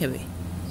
Kébé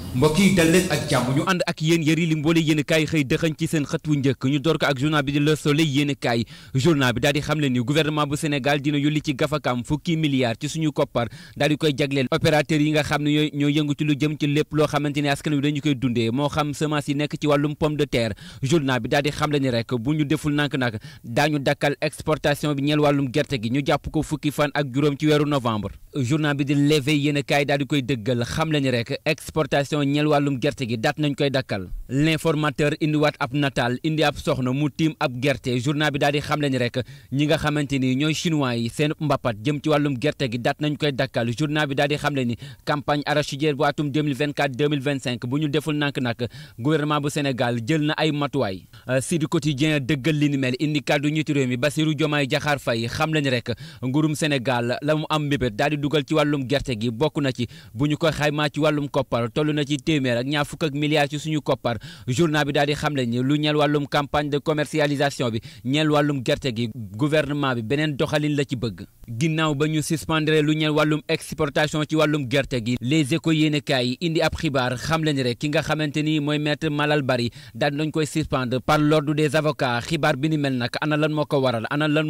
mbokk dal leen ak jàmm ñu ànd ak yéen yëri li mboole yéen kaay xëy dëxañ ci seen xët wu njëkk ñu door ko ak journal bi di Le Soleil yéen kaay journal bi daal xam xamle ni gouvernement bu Sénégal dina yulli ci gafakam fukki milliards ci suñu koppar daal di koy jagleel opérateur yi nga xam ne ñooy ñoo yëngu ci lu jëm ci lépp loo xamante ne askan wi dañu koy dundee moo xam semence yi nekk ci wàllum pomme de terre journal bi daal di xamle ni rek bu ñu deful nank nag daañu dakkal exportation bi ñeel wàllum gerte gi ñu jàpp ko fukki fan ak juróom ci weeru novembre journal bi di levé yéen kaay daal di koy dëggal xam le ni rek exportation ñel wàllum gerte gi daat nañ koy dakkal l'informateur indiwaat ab nataal indi ab soxna mu tiim ab gerte journal bi daal di xam le ni rek ñi nga xamante ni ñooy chinois yi seen mbappat jëm ci wàllum gerte gi daat nañ koy dakkal journal bi daal di xam le ni campagne arachidière bu atum 2024 2025 bu ñu deful nank nag gouvernement bu Sénégal jël na ay matuwaay euh, si du quotidien dëggal li ni mel indi kàddu ñiiti réew mi Bassirou Diomaye Diakhar Faye xam le ni rek nguurum Sénégal am mbébét daal dugal ci wàllum gerte gi bokk na ci bu ñu ko xaymaa ci wàllum koppar toll na ci téeméer ak ñaar fukk ak milliards ci suñu koppar journal bi daal di xam le ni lu ñeel wàllum campagne de commercialisation bi ñeel wàllum gerte gi gouvernement bi beneen doxalin la ci bëgg ginnaaw ba ñu suspendre lu ñeel wàllum exportation ci wàllum gerte gi les échos yéenekaay yi indi ab xibaar xam le ni rek ki nga xamante ni mooy maître Malal Bari daal nañ koy suspendre par l'ordre des avocats bi ni mel nag ana lan moo ko waral ana lan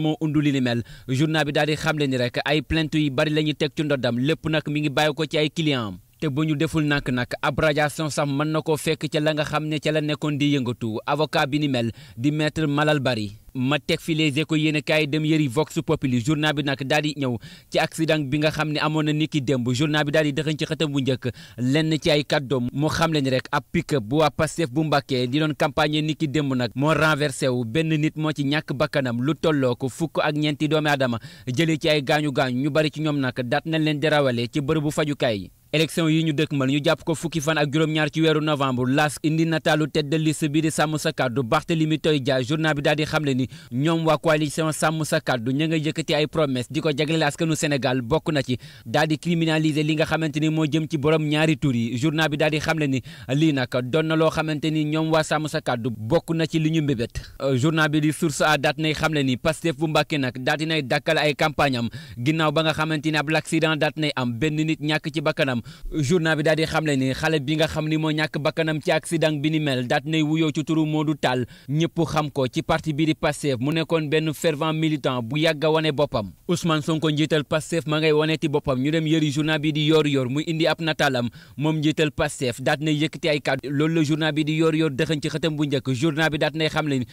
teg ci ndoddam lépp nag mi ngi bàyyi ko ci ay client am te bu ñu deful nàkk-nàkk ab radiation sax mën na koo fekk ca la nga xam ne ca la nekkoon di yëngatu avocat bi ni mel di maître Malal Bari ma teg fi les échos yéen a kaay dem yëri Vox Populi bi nag daal di ñëw ci accident bi nga xam ne amoon na niki démb journal bi daal di dëxañ ci xëtam bu njëkk lenn ci ay kàddoom mu xam leen rek ab pick bu waa Pastef bu Mbàkke di doon campagne niki démb nag moo renversé wu benn nit moo ci ñàkk bakkanam lu tolloo ko fukk ak ñeenti doomi aadama jëlee ci ay gaañu gaañu ñu bari ci ñoom nag daat nañ leen di ci bërëbu fajukaay yi élection yi ñu dëkk ma ñu jàpp ko fukki fan ak juróom-ñaar ci weeru novembre las indi nataalu tête de liste bi di sàmm sa kàddu Barthélemy Toye Dias journal daal di xamle ni ñoom waa coalition sàmm sa kàddu ña nga yëkkati ay promesse di ko jagleel askanu Sénégal bokk na ci daal di criminaliser li nga xamante ni moo jëm ci borom ñaari tur yi journal bi daal di xamle ni lii nag doon na loo xamante ni ñoom waa sàmm sa kàddu bokk na ci li ñu mbébét euh, journal bi di source a daat nay xamle ni Pastef bu Mbàkke nag daal di nay dakkal ay campagne am ginnaaw ba nga xamante ni ab l'accident daat nay am benn nit ñàkk ci bakkanam yaram journal bi daal di xamle ni xale bi nga xam ni moo ñàkk bakkanam ci accident bi ni mel daat nay wuyoo ci turu Modou Tall ñëpp xam ko ci parti bi di Pastef mu nekkoon benn fervent militant bu yàgg a wane boppam Ousmane Sonko njiital Pastef ma ngay waneeti boppam ñu dem yëri journal bi di yor yor muy indi ab nataalam moom njiital Pastef daat nay yëkkati ay kàddu loolu la journal bi di yor yor dëxëñ ci xëtam bu njëkk journal bi daat nay xamle ni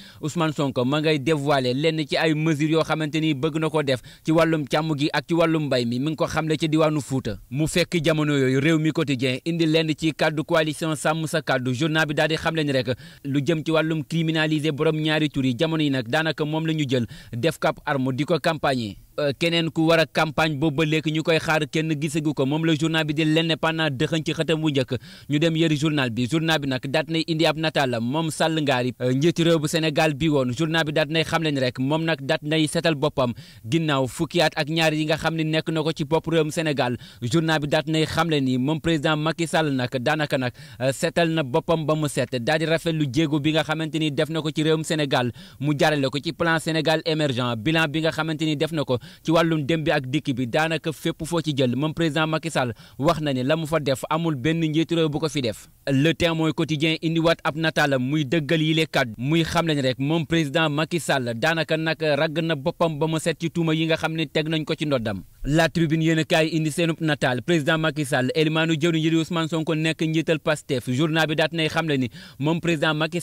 lenn ci ay mesures yoo xamante ni bëgg na ko def ci wàllum càmm gi ak ci wàllum mbay mi mi ngi ko xamle ci diwaanu Fuuta mu fekk opinion yooyu réew mi quotidien indi lenn ci kàddu coalition sàmm sa kàddu journal bi daal di xamle ni rek lu jëm ci wàllum criminaliser borom ñaari tur yi jamono yi nag daanaka moom la ñu jël def kap arme di ko campagne Euh, keneen ku war a campagne boobu ba léegi ñu koy xaar kenn gisagu ko moom la journal bi di l'Indépendant dëxañ ci xëtam bu njëkk ñu dem yëri journal bi journal bi nag daat nay indi ab nataal moom Sall Ngaari euh, njiitu réew bu Sénégal bi woon journal bi daat nay xam leen rek moom nag daat nay setal boppam ginnaaw fukkiyaat ak ñaar yi nga xam ne nekk na ko ci bopp réewum Sénégal journal bi daat nay xam leen ni moom président Macky Sall nag daanaka nag euh, setal na boppam ba mu set daal di rafetlu jéego bi nga xamante ni def na ko ci réewum Sénégal mu jaarale ko ci plan Sénégal émergent bilan bi nga xamante ni def na ko ci wàllum dem bi ak dikk bi daanaka fépp foo ci jël moom président Macky Sall wax na ne la mu fa def amul benn njiitu bu ko fi def. le témoin quotidien indiwaat ab nataalam muy dëggal yile le muy xam leen rek moom président Macky Sall daanaka nag ragg na boppam ba mu set ci tuuma yi nga xam ne teg nañ ko ci ndoddam. la tribune yéen a kaay indi seenub nataal président Macky Sall élimaanu jëwriñ yi di Sonko nekk njiital Pastef journal bi daat nay xam ni moom président Macky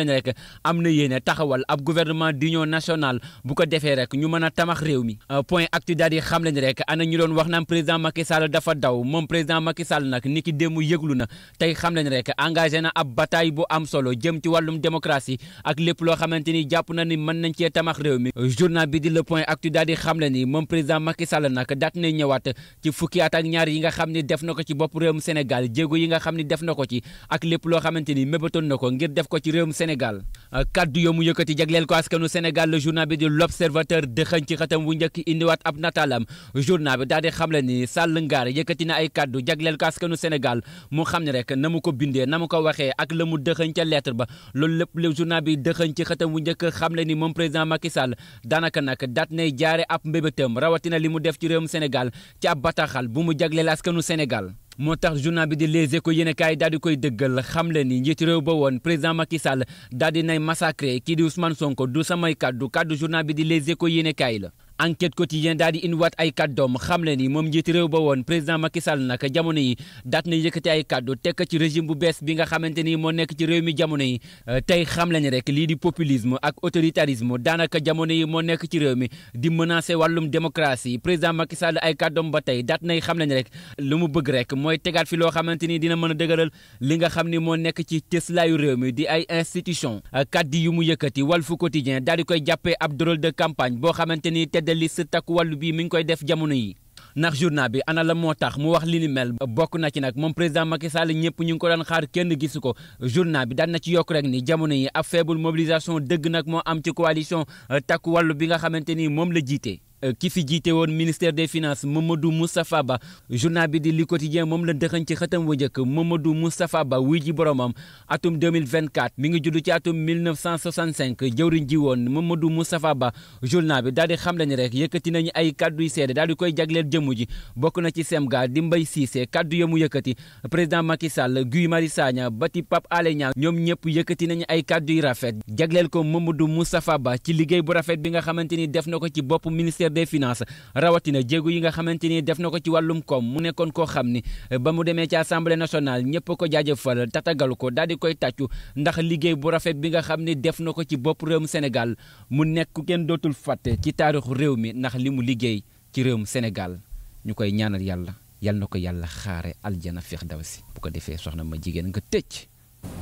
na yéene taxawal ko defee rek ñu mën a tamax réew mi euh, point actu daal di xam le ni rek ana ñu doon wax naan président Macky Sall dafa daw moom président Macky Sall nag ni ki na tey xam le ni rek engagé na ab bataille bu am solo jëm ci wàllum démocratie ak lépp loo xamante ni jàpp na ni mën na cee tamax réew mi euh, journal bi di point actu Actu daal di xamle ni moom président Macky Sall nag daat nay ñëwaat ci fukki at ak ñaar yi nga xam ni def na ko ci bopp réewum Sénégal jéego yi nga xam ni def na ko ci ak lépp loo xamante ni mébatoon na ko ngir def ko ci réewum Sénégal kaddu yoo mu yëkkati jagleel ko askanu Sénégal le journal bi di l'observateur dëxëñ ci xatam bu njëkk indiwaat ab nataalam journal bi daal di xam le ni Sall Ngaar yëkkati na ay kaddu jagleel ko askanu Sénégal mu xam ne rek na mu ko bindee na mu ko waxee ak la mu dëxëñ ca lettre ba loolu lépp le journal bi dëxëñ ci xatam bu njëkk xam le ni moom président Macky Sall daanaka nag daat nay jaare ab mbébétam rawatina li mu def ci réewum Sénégal ci ab bataaxal bu mu jagleel askanu Sénégal moo tax journal bi di Les Échos yéen a kaay daal di koy dëggal xam le ni njiitu réew ba woon président Macky Sall daal di nay massacré kii di Ousmane Sonko du samay kaddu kaddu journal bi di Les Échos yéen a la. enquête quotidien daal di indiwaat ay kàddoom xam le ni moom njiiti réew ba woon président Macky Sall jamono yi daat na yëkkati ay kàddu tekk ci régime bu bees bi nga xamante ni moo nekk ci réew mi jamono yi euh, xam le rek lii di populisme ak autoritarisme daanaka jamono yi moo nekk ci réew mi di menacer wàllum démocratie président Macky Sall ay kàddoom ba tey daat nay xam le rek lu mu bëgg rek mooy tegaat fi loo xamante ni dina mën a dëgëral li nga xam ni moo nekk ci tëslaayu réew mi di ay institution euh, kàddu yu mu yëkkati Walf Quotidien daal di koy jàppee ab de liste takku wàllu bii mi ngi koy def jamono yi ndax journal bi ana la moo tax mu wax li ni mel bokk na ci nag moom président Macky Sall ñëpp ñu ngi ko doon xaar kenn gisu ko journal bi daan na ci yokk rek ni jamono yi ab faible mobilisation dëgg nag moo am ci coalition takk wàllu bi nga xamante ni moom la jiite. Euh, ki fi jiite woon ministère des finances Mamadou Moustapha Ba journal bi di li quotidien moom la dëxañ ci xëtam wu njëkk Mamadou Moustapha Ba wuy ji boromam atum 2024 mi ngi judd ci atum 1965 jëwriñ ji woon Mamadou Moustapha Ba journal bi daal di xam le rek yëkkati nañu ay kaddu yu seede daal di koy jagleel jëmm ji bokk na ci semga di Mbaye Cissé kaddu ya mu yëkkati président Macky Sall Guy Marius Sagna ba ci Pape ñoom ñëpp yëkkati nañu ay kaddu yu rafet jagleel ko Mamadou Moustapha Ba ci liggéey bu rafet bi nga xamante ni def na ko ci bopp ministère ministère des rawatina jéego yi nga xamante ni def na ko ci wàllum koom mu nekkoon koo xam ni ba mu demee ci assemblée nationale ñëpp ko jaajëfal tatagal ko daal di koy tàccu ndax liggéey bu rafet bi nga xam ni def na ko ci bopp réewum Sénégal mu nekk kenn dootul fàtte ci taarixu réew mi ndax li mu liggéey ci réew mu Sénégal ñu koy ñaanal yàlla yal na ko yàlla xaare aljana firdawsi bu ko defee soxna ma jigéen nga tëj